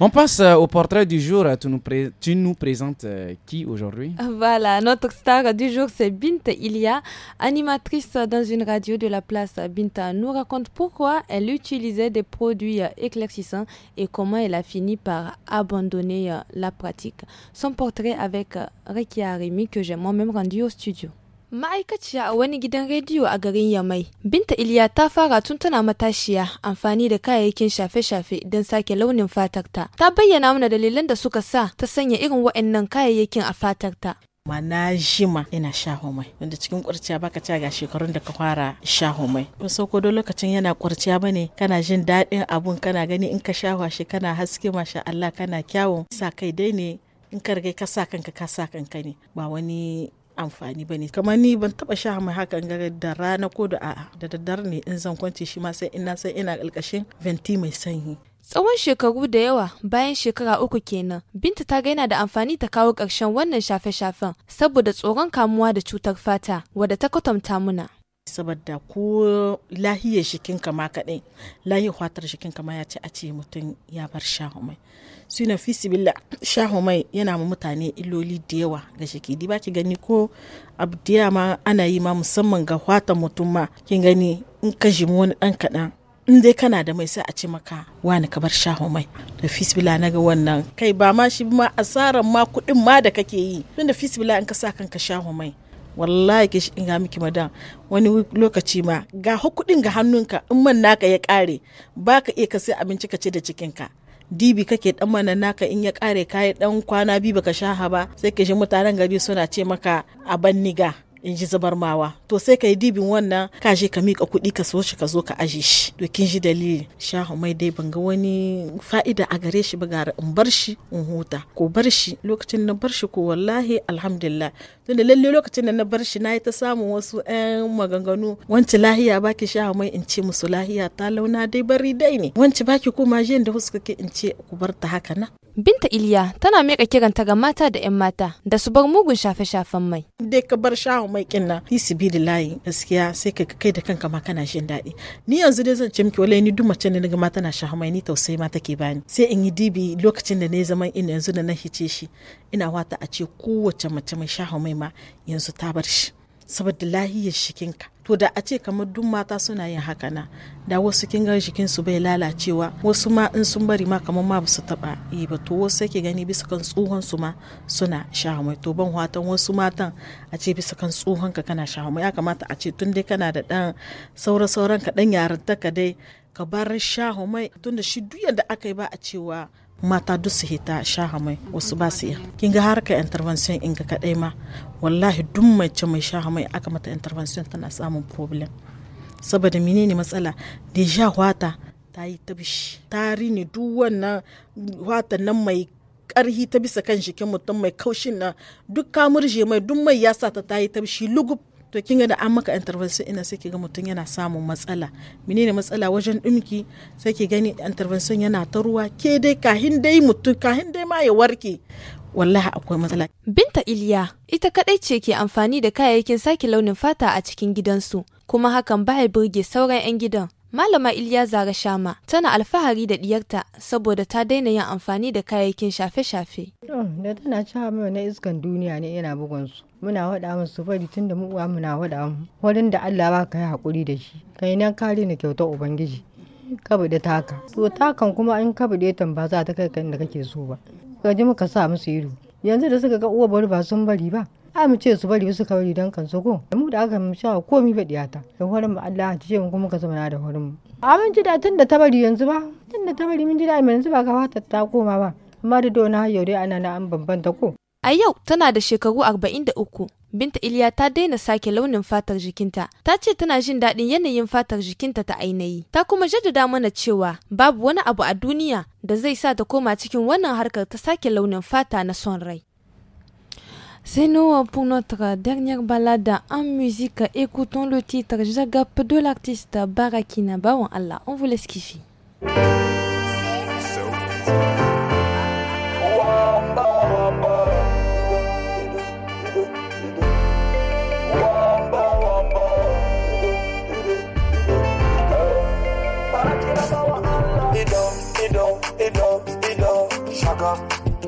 On passe euh, au portrait du jour. Euh, tu nous, présentes euh, qui aujourd'hui Voilà, notre star du jour, c'est Binta Ilia, animatrice dans une radio de la place. Binta nous raconte pourquoi elle utilisait des produits éclaircissants et comment elle a fini par abandonner la pratique. Son portrait avec Rekia Arimi que j'ai moi-même rendu au studio. Ma'aikaciya a wani gidan rediyo a garin Yamai, Binta Iliya ta fara tun tana matashiya amfani da kayayyakin shafe-shafe don sake launin fatarta. Ta bayyana mana dalilan da suka sa ta sanya irin waɗannan kayayyakin a fatarta. ma na jima ina sha homai wanda cikin kurciya baka ci ga shekarun da ka fara sha homai in sauko don lokacin yana kurciya bane kana jin daɗin abun kana gani in ka sha washe kana haske masha Allah kana kyawun sa kai dai ne in ka riga ka sa kanka ka sa kanka ne ba wani amfani ba ne kamar ni ban taba sha mai hakan ga da rana ko da a'a da daddare ne in zan kwance shi ma sai ina san ina ƙarƙashin venti mai sanyi Tsawon shekaru da yawa bayan shekara uku kenan, Binta ta ga yana da amfani ta kawo ƙarshen wannan shafe-shafen saboda tsoron kamuwa da cutar fata wadda ta kwatanta muna. saboda ko lahiyar shikin kama kaɗai lahiyar fatar shikin kama ya ce a ce mutum ya bar sha mai suna fisibila sibila shaho mai yana ma mutane iloli da yawa ga shiki di baki gani ko abu da ma ana yi ma musamman ga hwata mutum ma ki gani in ka jimi wani dan kaɗan in dai kana da mai sai a ce maka wani ka bar shaho mai da fisibila na ga wannan kai ba ma shi ma asaran ma kuɗin ma da kake yi tun da fisbila in ka sa kanka shaho mai wallahi ke shi ga miki madan wani lokaci ma ga kuɗin ga hannunka in man naka ya kare baka iya ka sai abinci ka ce da cikinka dibi kake dan mana naka in ya kare kayi dan kwana biyu baka sha ba sai ka shi mutanen gari suna ce maka a banniga in ji zabarmawa to sai ka yi dibin wannan ka je ka miƙa kuɗi ka so shi ka zo ka aje shi to kin ji dalili shahu mai dai ban ga wani fa'ida a gare shi ba gara in bar shi in huta ko bar shi lokacin na bar shi ko wallahi alhamdulillah tunda lalle lokacin da na bar shi na yi ta samun wasu 'yan maganganu wanci lahiya baki shahu mai in ce musu lahiya ta launa dai bari dai ne wanci baki ko ma da wasu kake in ce ku bar ta haka na Binta Iliya tana mika kiranta ga mata da 'yan mata da su bar mugun shafe-shafen mai. Dai ka bar shawon mai kinna nan, bi da layi gaskiya sai ka kai da kanka ma kana shin daɗi. Ni yanzu dai zan ce miki wallahi ni duk mace da naga mata na shafa mai ni tausayi ma take bani. Sai in yi dibi lokacin da ne zaman ina yanzu da na hice shi. Ina wata a ce kowace mace mai shafa mai ma yanzu ta bar shi. Saboda lahiyar shikinka. to da a ce kamar duk mata suna yin haka na da wasu kin ga jikin su bai lalacewa wasu ma in sun bari ma kamar ma ba su taba yi ba to wasu yake gani bisa kan tsohon su ma suna shahamai to ban watan wasu matan a ce bisa kan tsohon ka kana shahamai ya kamata a ce tun dai kana da dan saura sauran ka dan yarinta ka dai ka bar shahamai tun da shi duk yadda aka yi ba a cewa mata duk su hita sha mai wasu ba su iya kin ga harka intervention in ga kadai ma wallahi duk mace mai sha mai aka mata intervention tana samun problem saboda menene matsala deja wata ta yi ta bishi ta ne duk wannan wata nan mai karhi ta bisa kan jikin mutum mai kaushin na duk kamurje mai duk mai yasa ta ta yi ta bishi lugub to kinga da an maka intervention ina sai ga mutum yana samun matsala menene matsala wajen dumki sai ki gani intervention yana ta ruwa ke dai kahin dai mutum kahin dai ma ya warke wallahi akwai matsala binta iliya ita kadai ce ke amfani da kayayyakin sake launin fata a cikin gidansu kuma hakan baya burge sauran 'yan gidan Malama Iliya Zara Shama tana alfahari da diyarta saboda ta daina yin amfani da kayayyakin shafe-shafe. Da tana ci na iskan duniya ne yana bugun su. Muna waɗa musu bari tun da mu muna waɗa mu. Wurin da Allah ba ka yi haƙuri da shi. Kai nan kare ni kyauta Ubangiji. da taka. To takan kuma in kabuɗe ta ba za ta kai kan da kake so ba. Ka ji muka sa musu ido. Yanzu da suka ga uwa bari ba sun bari ba. ai mu ce su bari su kawai don su ko mu da aka mu sha mi ba diyata da horin mu Allah ta ce mu kuma ka zama da horin mu abin ji da tun da ta bari yanzu ba tun da ta bari mun ji da yanzu ba ka fata ta koma ba amma da dona har yau dai ana na an bambanta ko a yau tana da shekaru 43 Binta Iliya ta daina sake launin fatar jikinta, ta ce tana jin daɗin yanayin fatar jikinta ta ainihi. Ta kuma jaddada mana cewa babu wani abu a duniya da zai sa ta koma cikin wannan harkar ta sake launin fata na son rai. C'est nous pour notre dernière balade en musique. Écoutons le titre Jagap de l'artiste Barakina Bawan Allah. On vous laisse kiffer.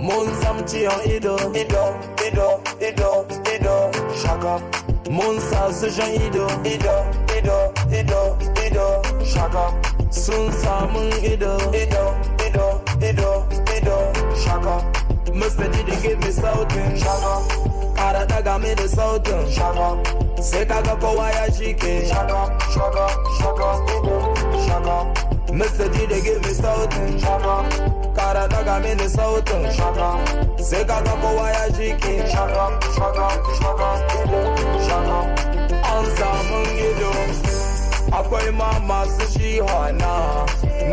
Monsam chia ido ido ido ido ido shaka Monsa seja ido ido ido ido ido shaka Sunsa mun ido ido ido ido ido shaka Mr. Diddy give me something shaka Karataga me the something shaka Sekaga ko waya jike shaka shaka shaka ido shaka Mr. G, they give me something. Shut up. I'm in the Sultan. Shut up. Zega Loko Wayajiki. Shut up, shut up, shut up. Shut up. Ansa Mungido. Akwai mama su shi hana.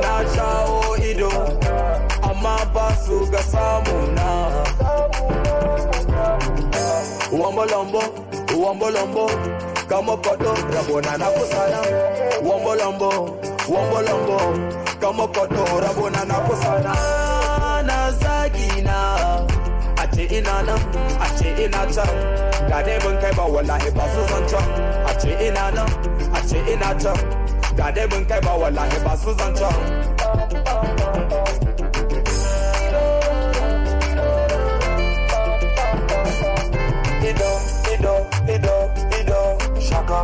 Na jawo ido. Amma ba su Wombo samu na. lombo, wambo lombo. Kama pato, rabona na kusana. Wambo lombo wombo lombo kama kodora bona napo sana na zagina ace ina nan ace ina can ga dai mun kai ba wallahi ba su san can ace ina nan ace ina can ga dai mun kai ba wallahi ba su san can ido, ido, ido, ido, shaka.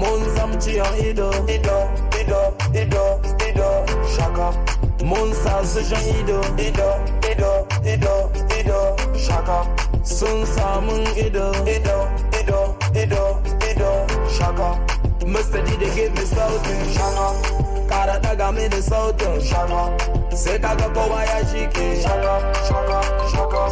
Mun zamci ido, ido, ido, ido, ido, shaka. Monsa se jan ido, ido, ido, ido, ido, shaka. Sun sa ido, ido, ido, ido, ido, shaka. Mr. D they give me something, shaka. Kara me the something, shaka. Se kaga kowa ya shike, shaka, shaka, shaka,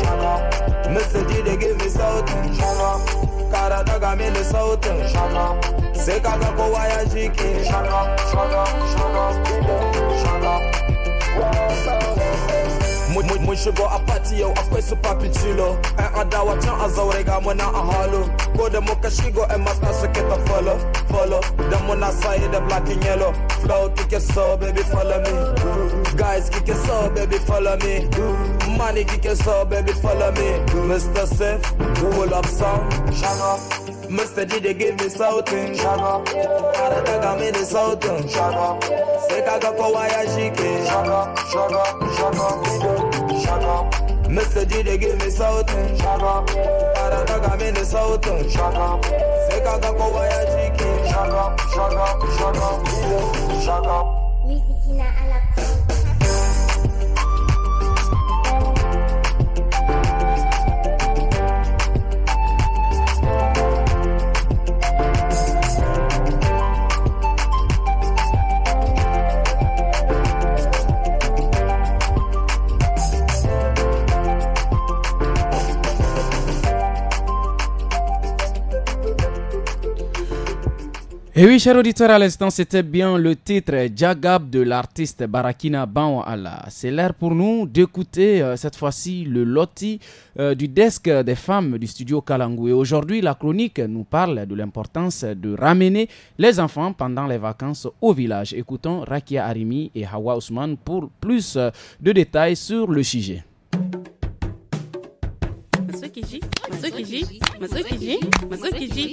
shaka. Mr. D they give me something, shaka. Kara me the something, shaka. Seka na kowa ya jike Shana, shana, shana, shana Mun shigo a fati yau akwai su papi cilo ‘Yan adawa can a zaure ga muna a halo Ko da muka shigo ‘yan matsa suke ta follow, follow Dan muna saye da black and yellow Flow it, so baby follow me Guys kick it, so baby follow me Money kick it, so baby follow me Mr. Safe, pull will up sound, shana Mr. DJ give me something Sugar, Shaka Anataka me the something Sugar, Seka kako waya shiki Shaka Shaka Shaka Shaka Mr. DJ give me something Sugar, Shaka Anataka me the something Shaka Seka kako waya shiki Shaka Shaka Shaka Shaka Et eh oui, chers auditeurs, à l'instant, c'était bien le titre Jagab de l'artiste Barakina Banwa C'est l'heure pour nous d'écouter euh, cette fois-ci le loti euh, du desk des femmes du studio Kalangou. Et aujourd'hui, la chronique nous parle de l'importance de ramener les enfants pendant les vacances au village. Écoutons Rakia Arimi et Hawa Ousmane pour plus euh, de détails sur le sujet. matsokiji matsokiji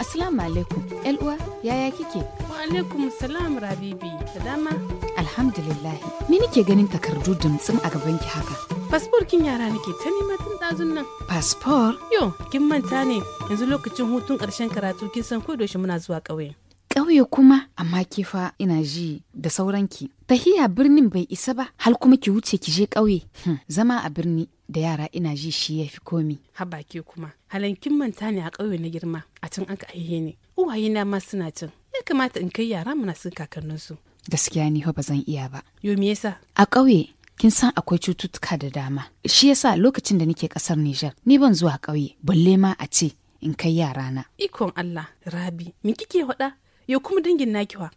Assalamu alaikum, uwa yaya kike? alaikum salam Rabibi, da dama? Alhamdulillahi, me nake ganin takardu dimtsin a gabanki haka? fasfor kin yara nake ta neman tun dazun nan. Fasfor? Yo, kin manta ne yanzu lokacin hutun ƙarshen karatu kin san ko muna zuwa ƙauye. Ƙauye kuma amma ke fa ina ji da sauranki. Tahiya birnin bai isa ba, hal kuma ki wuce ki je ƙauye. Hmm, zama a birni da yara ina ji shi ya fi komi. Haba ke kuma, halin kin manta ne a ƙauye na girma, a can aka aihe ne. Uwaye na ma suna cin, ya kamata in kai yara muna sun kakanninsu. Gaskiya ni ba zan iya ba. Yo me yasa? A ƙauye kin san akwai cututtuka da dama shi yasa lokacin da nake kasar Nijar ni ban zuwa ƙauye balle ma a ce in kai yara na ikon Allah Rabi me kike faɗa yau kuma dangin nakiwa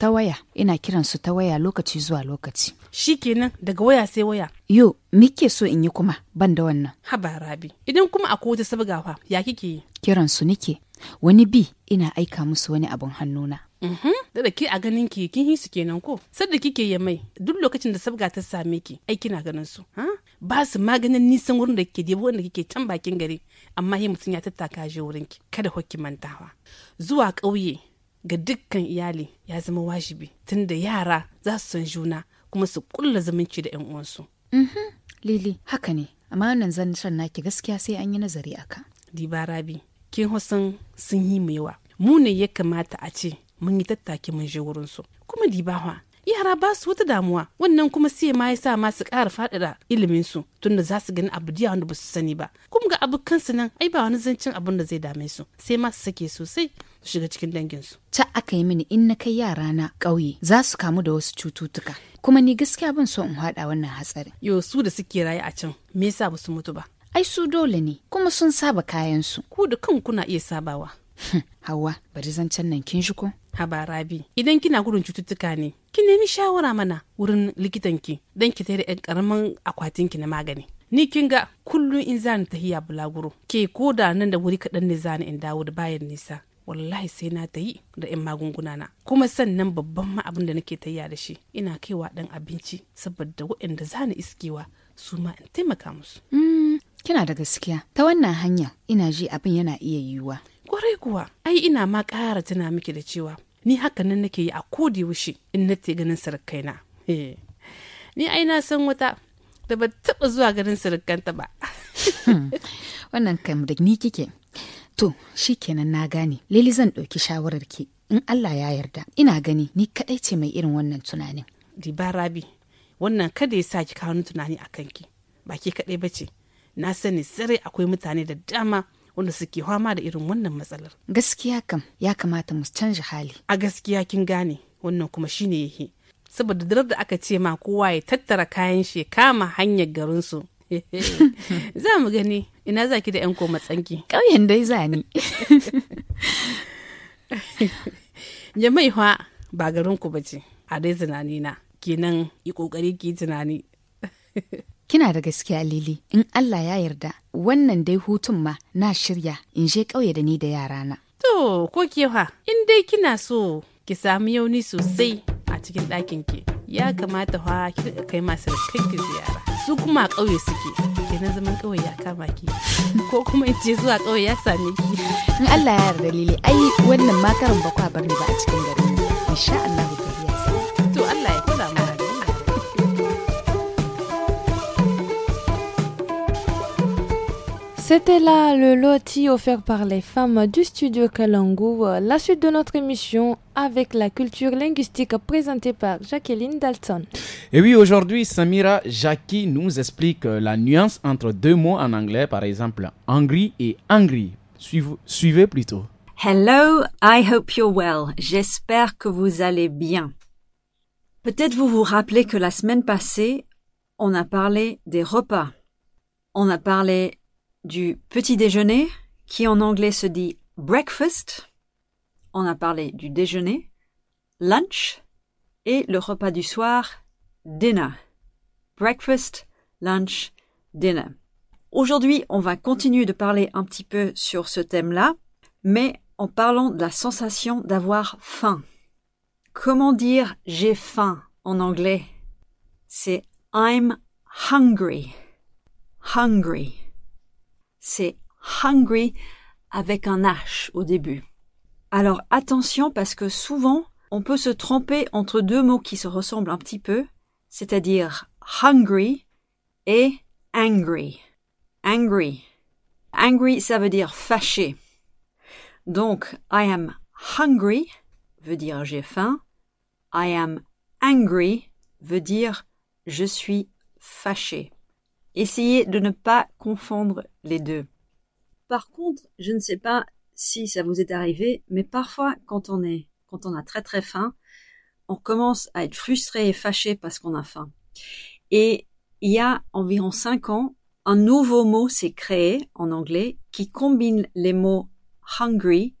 ta waya ina kiran su ta waya lokaci zuwa lokaci Shi shikenan daga waya sai waya yo me ke so in yi kuma ban da wannan haba Rabi idan kuma akwai wata sabgawa ya kike yi kiran su nike wani bi ina aika musu wani abin hannuna Mhm. da da ke a ganin ki kin hisu kenan ko da kike ya mai duk lokacin da sabga ta same ki ai kina ganin su ba su maganin nisan wurin da kike je wanda kike can bakin gari amma yi mutum ya tattaka je wurin ki kada hokki mantawa zuwa ƙauye ga dukkan iyali ya zama wajibi tunda yara za su san juna kuma su kulla zumunci da yan uwansu mhm. lili haka ne amma zan san naki gaskiya sai an yi nazari aka dibarabi kin hosan sun yi mu yawa mu ne ya kamata a ce mun yi tattaki mun je wurin su kuma dibawa yara ba su wata damuwa wannan kuma sai ma ya sa ma su ƙara faɗaɗa ilimin su tunda za su gani abu diya wanda ba su sani ba kuma ga abokan su nan ai ba wani zancen abun da zai dame su sai ma su sake sosai su shiga cikin dangin su ta aka yi mini in na kai yara na ƙauye za su kamu da wasu cututtuka kuma ni gaskiya ban so in haɗa wannan hatsari yo su da suke raye a can me yasa ba su mutu ba ai su dole ne kuma sun saba kayan su ku da kan kuna iya sabawa hawa bari zancen nan kin shi ko haba rabi idan kina gudun cututtuka ne ki nemi shawara mana wurin likitanki don ki tare yan karamin ki na magani ni kin ga kullum in zani tahiya bulaguro ke ko da nan da wuri kaɗan ne zani in dawo da bayan nisa wallahi sai na ta yi da 'yan magunguna na kuma sannan babban ma abin da nake tayya da shi ina kaiwa dan abinci saboda waɗanda za iskewa su ma in taimaka musu. Mm, kina da gaskiya ta wannan hanya ina ji abin yana iya yiwuwa. Kwarai kuwa, ai ina ma ƙara tuna miki da cewa ni haka nan nake yi a kodi wushi in na te ganin sarakaina eh. Ni ai na san wata da ba taɓa zuwa ganin sarakanta ba. Hmm. Wannan kam da ni kike. To, shi kenan na gane, Lili zan ɗauki shawarar ki in Allah ya yarda. Ina gani ni kaɗai ce mai irin wannan tunanin. riba Rabi, wannan kada ya sa ki kawo tunani a kanki. Ba ke kaɗai ba ce. Na sani sarai akwai mutane da dama wanda suke fama da irin wannan matsalar gaskiya kam ya kamata mu canja hali a gaskiya kin gane wannan kuma shine yake saboda dare da aka ce ma kowa ya tattara kayan shi kama hanyar garinsu *laughs* za mu gani ina za ki da yan koma tsanki ƙauyen dai za ni *laughs* fa ba garinku ba ce a dai tunani na kenan yi ƙoƙari ki tunani *laughs* Kina da gaske a Lili, in Allah ya yarda, wannan dai hutun ma na shirya in je ƙauye da ni da yarana. To, ko kewa, in dai kina so ki sami yauni sosai a cikin ɗakin ki, ya kamata fa ki kai masu kanki ziyara. Su kuma a ƙauye suke, kenan zaman ƙauye ya kama ki, ko kuma in ce zuwa ƙauye ya sami ki. In Allah ya yarda Lili, ai wannan makarin ba kwa bar ni ba a cikin gari Insha Allah. C'était là le loti offert par les femmes du studio Kalangu. La suite de notre émission avec la culture linguistique présentée par Jacqueline Dalton. Et oui, aujourd'hui, Samira Jackie nous explique euh, la nuance entre deux mots en anglais, par exemple angry et angry. Suivez, suivez plutôt. Hello, I hope you're well. J'espère que vous allez bien. Peut-être vous vous rappelez que la semaine passée, on a parlé des repas. On a parlé du petit déjeuner, qui en anglais se dit breakfast. On a parlé du déjeuner, lunch, et le repas du soir, dinner. Breakfast, lunch, dinner. Aujourd'hui, on va continuer de parler un petit peu sur ce thème-là, mais en parlant de la sensation d'avoir faim. Comment dire j'ai faim en anglais C'est I'm hungry. Hungry c'est hungry avec un H au début. Alors attention parce que souvent on peut se tromper entre deux mots qui se ressemblent un petit peu, c'est-à-dire hungry et angry. Angry. Angry, ça veut dire fâché. Donc, I am hungry veut dire j'ai faim. I am angry veut dire je suis fâché. Essayez de ne pas confondre les deux. Par contre, je ne sais pas si ça vous est arrivé, mais parfois quand on est quand on a très très faim, on commence à être frustré et fâché parce qu'on a faim. Et il y a environ cinq ans, un nouveau mot s'est créé en anglais qui combine les mots hungry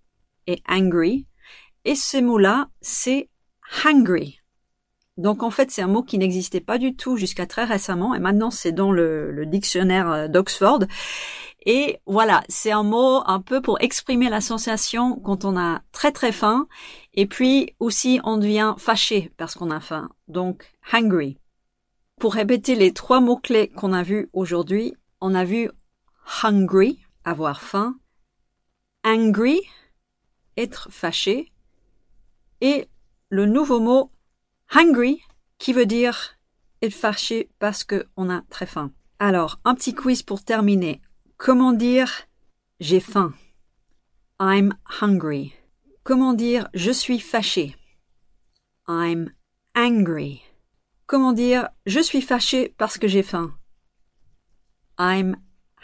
et angry. Et ce mot-là, c'est hungry. Donc en fait, c'est un mot qui n'existait pas du tout jusqu'à très récemment, et maintenant c'est dans le, dictionnaire euh, d'Oxford. Et voilà, c'est un mot un peu pour exprimer la sensation quand on a très très faim, et puis aussi on devient fâché parce qu'on a faim, donc hungry. Pour répéter les trois mots-clés qu'on a vus aujourd'hui, on a vu hungry, avoir faim, angry, être fâché, et le nouveau mot Hungry, qui veut dire être fâché parce qu'on a très faim. Alors, un petit quiz pour terminer. Comment dire j'ai faim I'm hungry. Comment dire je suis fâché I'm angry. Comment dire je suis fâché parce que j'ai faim I'm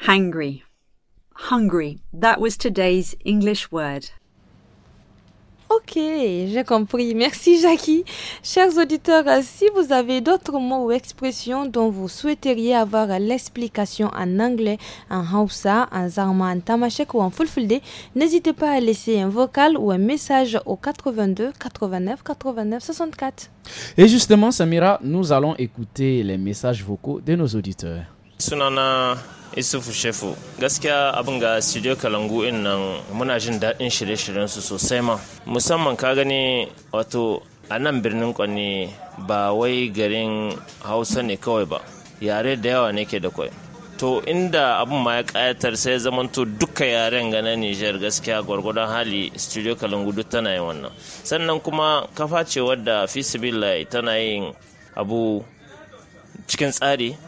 hungry. Hungry. That was today's English word. Ok, j'ai compris. Merci Jackie. Chers auditeurs, si vous avez d'autres mots ou expressions dont vous souhaiteriez avoir l'explication en anglais, en Hausa, en Zarma, en Tamashek ou en Fulfulde, n'hésitez pas à laisser un vocal ou un message au 82 89 89 64. Et justement, Samira, nous allons écouter les messages vocaux de nos auditeurs. isufu shefu gaskiya abin ga studio kalangu in nan muna jin daɗin shirye-shiryen su sosai ma musamman ka gani wato a nan birnin kwanne ba wai garin hausa ne kawai ba yare da yawa ne ke da kwai to inda abin ma ya kayatar sai to duka yaren ga na nijar gaskiya gwargwadon hali studio kalangu duk tana yin wannan sannan kuma kafa ce wadda fisibilai tana yin abu cikin tsari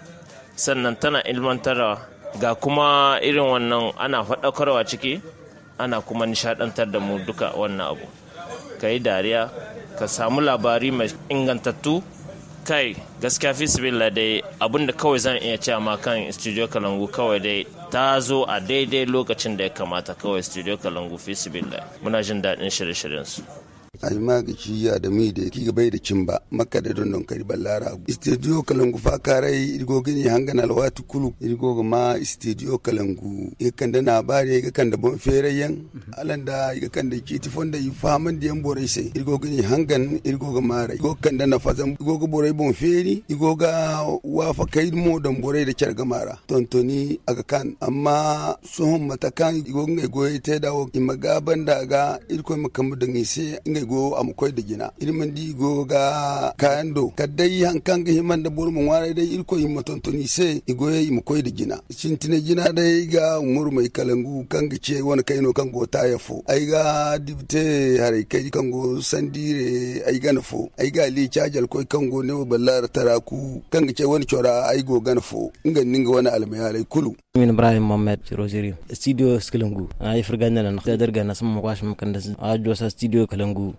sannan tana ilmantarwa ga kuma irin wannan ana faɗakarwa ciki ana kuma nishaɗantar da mu duka wannan abu ka yi dariya ka samu labari mai ingantattu kai gaskiya fi sibila dai abinda kawai zan iya cewa ma kan studio kalangu kawai dai ta zo a daidai lokacin da ya kamata kawai studio kalangu fi sibila muna jin daɗin shirye-shiryensu a yi magaci ya da mai da kiga bai da cin ba maka da don don kari ballara studio kalangu fa karai irgo gini hangana alwatu kulu irgo ma studio kalangu kan da na bare ya kan da bon ferayen mhm. alanda ya kan da tifon da yi faman da yan borai sai irgo gini hangan irgo ga mara irgo kan da na fazan irgo ga borai bon feri irgo ga wafa kai mo don borai da kyar gamara tontoni aga kan amma sun matakan irgo ngai goye te dawo imagaban da ga irko makamu da ni ngai go am koy de jina irman di go ga kando kadai hankan ga himan da burmun ware dai irko himma tontoni sai igo yi mu koy de jina cintine gina dai ga umur mai kalangu kan ga ce wani kaino kan go ta yafo ai ga dibte hare kai kan go sandire ai ga nafo ai ga li chajal koy kan go ne ballar taraku kan ga ce wani chora ai go ga nafo ngan ninga wani almayare kulu min ibrahim mohammed rosiri studio skilangu ay furganela na dadar gana sama makwash a jo sa studio kalangu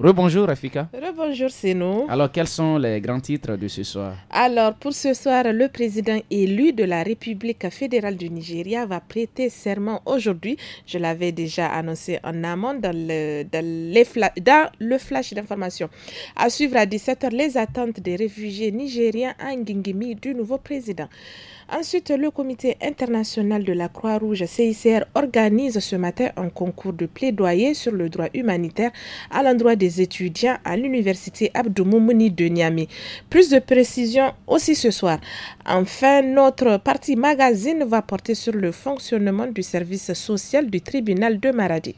Rebonjour Afika. Rebonjour c'est nous. Alors quels sont les grands titres de ce soir Alors pour ce soir, le président élu de la République fédérale du Nigeria va prêter serment aujourd'hui. Je l'avais déjà annoncé en amont dans le, dans le flash d'information. À suivre à 17h les attentes des réfugiés nigériens à Ngingimi du nouveau président. Ensuite, le comité international de la Croix-Rouge CICR organise ce matin un concours de plaidoyer sur le droit humanitaire à l'endroit des étudiants à l'université Abdou Moumouni de Niamey. Plus de précisions aussi ce soir. Enfin, notre partie magazine va porter sur le fonctionnement du service social du tribunal de Maradi.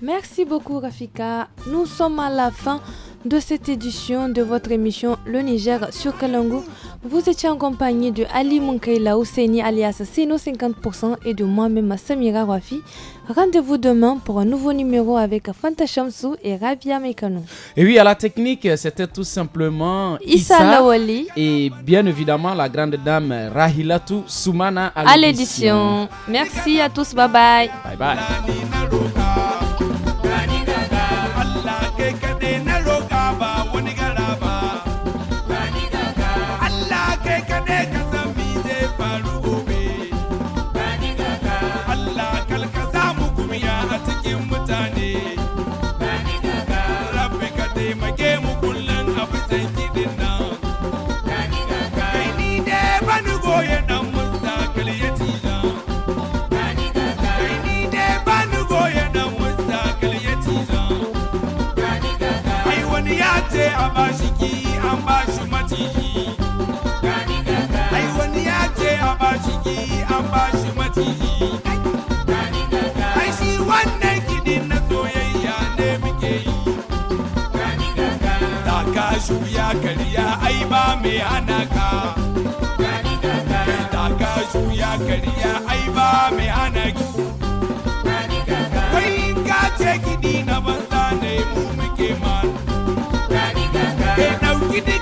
Merci beaucoup Rafika. Nous sommes à la fin de cette édition de votre émission Le Niger sur Kalangu. Vous étiez en compagnie de Ali Munkaila Ouseni alias Sino 50% et de moi-même Samira Wafi. Rendez-vous demain pour un nouveau numéro avec Fanta Shamsou et Rabia Mekano. Et oui, à la technique, c'était tout simplement Issa, Lawali et bien évidemment la grande dame Rahilatu Soumana à l'édition. Merci à tous, bye bye. Bye bye. ya ce a bashi ki an bashi maciji ai wani ya ce a bashi ki an bashi maciji ai shi wannan kidin na soyayya ne muke yi da ka shuya karya ai ba mai hana ka da ka shuya karya ai ba mai hana ki kai ka ce kidi na banza ne mu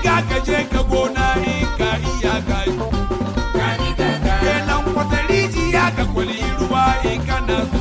riga ka je ka gona in ka iya ka yi kenan wata rijiya ka kwali ruwa in kana